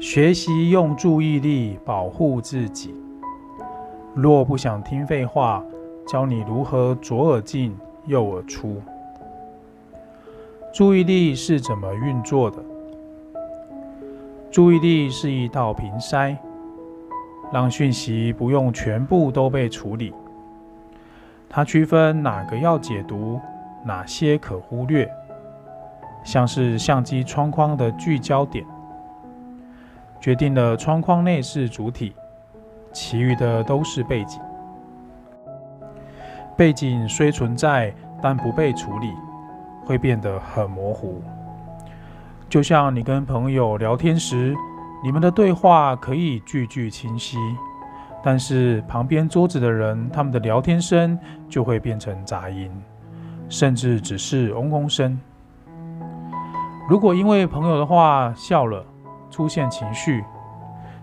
學習用注意力保護自己。若不想聽廢話，教你如何左耳進右耳出。注意力是怎麼運作的？注意力是一道評篩，讓訊息不用全部都被處理。它區分哪個要解讀，哪些可忽略，像是相機窗框的聚焦點。決定了窗框內是主體，其餘的都是背景。背景雖存在，但不被處理，會變得很模糊。就像你跟朋友聊天時，你們的對話可以句句清晰，但是旁邊桌子的人，他們的聊天聲就會變成雜音，甚至只是嗡嗡聲。如果因為朋友的話笑了，出現情緒，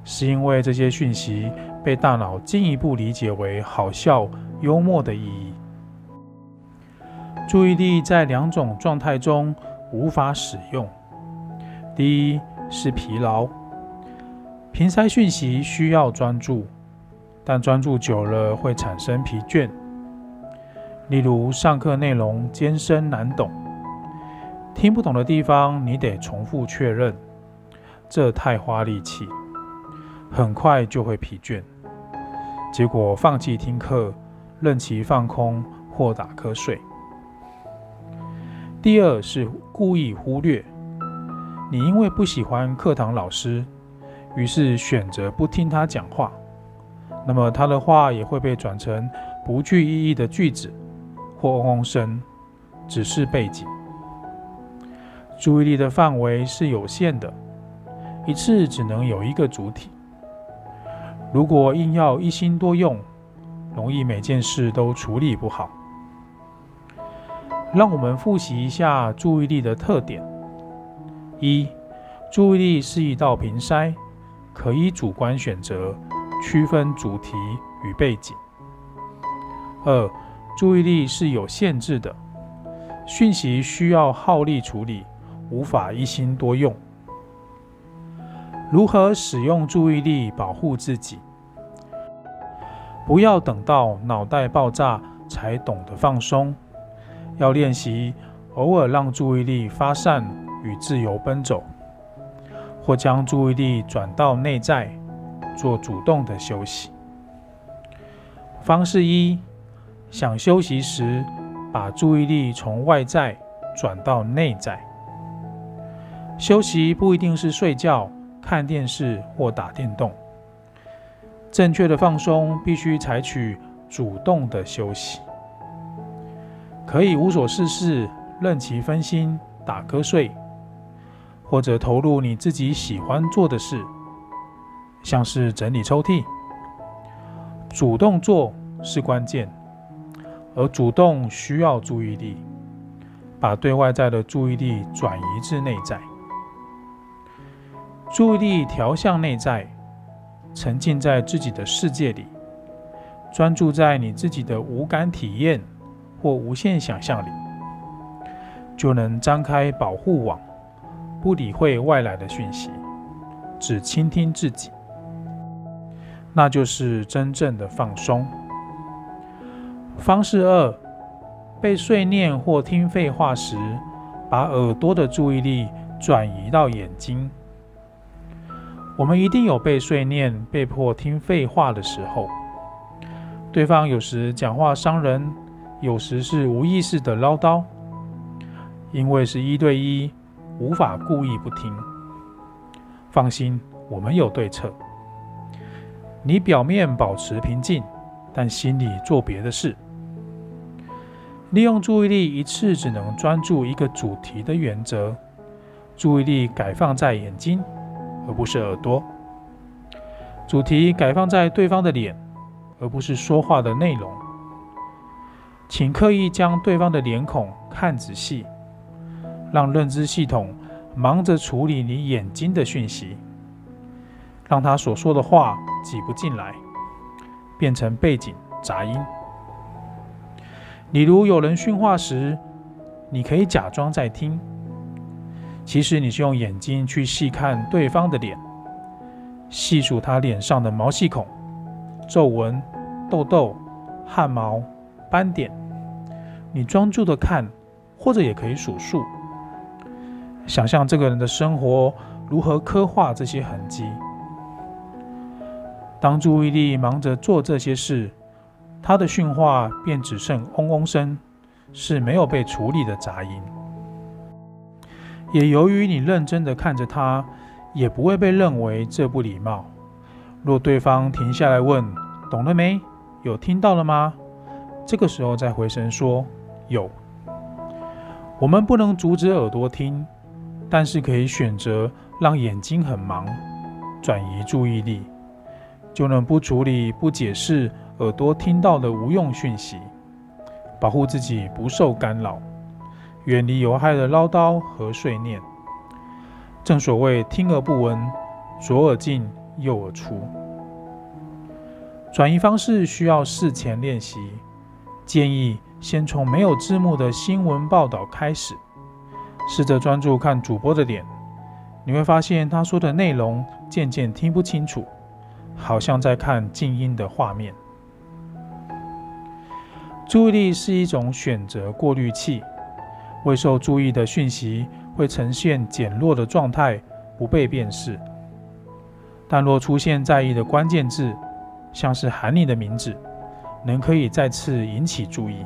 是因為這些訊息被大腦進一步理解為好笑、幽默的意義。注意力在兩種狀態中無法使用：第一是疲勞，評篩訊息需要專注，但專注久了會產生疲倦。例如，上課內容艱深難懂，聽不懂的地方你得重複確認。這太花力氣，很快就會疲倦，結果放棄聽課，任其放空或打瞌睡。第二是故意忽略，你因為不喜歡課堂老師，於是選擇不聽他講話，那麼他的話也會被轉成不具意義的句子或嗡嗡聲，只是背景。注意力的範圍是有限的。一次只能有一個主體。如果硬要一心多用，容易每件事都處理不好。讓我們複習一下注意力的特點：一、注意力是一道評篩，可以主觀選擇區分主題與背景；二、注意力是有限制的，訊息需要耗力處理，無法一心多用。如何使用注意力保護自己？不要等到腦袋爆炸才懂得放鬆。要練習偶爾讓注意力發散與自由奔走，或將注意力轉到內在，做主動的休息。方式一：想休息時，把注意力從外在轉到內在。休息不一定是睡覺。看電視或打電動，正確的放鬆必須採取主動的休息，可以無所事事，任其分心、打瞌睡，或者投入你自己喜歡做的事，像是整理抽屜。主動做是關鍵，而主動需要注意力，把對外在的注意力轉移至內在。注意力調向內在，沉浸在自己的世界裡，專注在你自己的無感體驗或無限想象裡，就能張開保護網，不理會外來的訊息，只傾聽自己，那就是真正的放鬆。方式二，被碎念或聽廢話時，把耳朵的注意力轉移到眼睛。我們一定有被碎念、被迫聽廢話的時候。對方有時講話傷人，有時是無意識的嘮叨。因為是一對一，無法故意不聽。放心，我們有對策。你表面保持平靜，但心裡做別的事。利用注意力一次只能專注一個主題的原則，注意力改放在眼睛。而不是耳朵，主題改放在對方的臉，而不是說話的內容。請刻意將對方的臉孔看仔細，讓認知系統忙着處理你眼睛的訊息，讓他所說的話擠不進來，變成背景雜音。例如有人訓話時，你可以假裝在聽。其實你是用眼睛去細看對方的臉，細數他臉上的毛細孔、皺紋、痘痘、汗毛、斑點。你專注的看，或者也可以數數，想象這個人的生活如何刻畫這些痕跡。當注意力忙着做這些事，他的訓話便只剩嗡嗡聲，是沒有被處理的雜音。也由於你認真地看着他，也不會被認為這不禮貌。若對方停下來問“懂了沒？有聽到了嗎？”這個時候再回神說“有”。我們不能阻止耳朵聽，但是可以選擇讓眼睛很忙，轉移注意力，就能不處理、不解釋耳朵聽到的無用訊息，保護自己不受干擾。遠離有害的嘮叨和碎念。正所謂“聽而不聞，左耳進右耳出”。轉移方式需要事前練習，建議先從沒有字幕的新聞報道開始，試着專注看主播的臉，你會發現他說的內容漸漸聽不清楚，好像在看靜音的畫面。注意力是一種選擇過濾器。未受注意的訊息會呈現減弱的狀態，不被辨識。但若出現在意的關鍵字，像是喊你的名字，仍可以再次引起注意。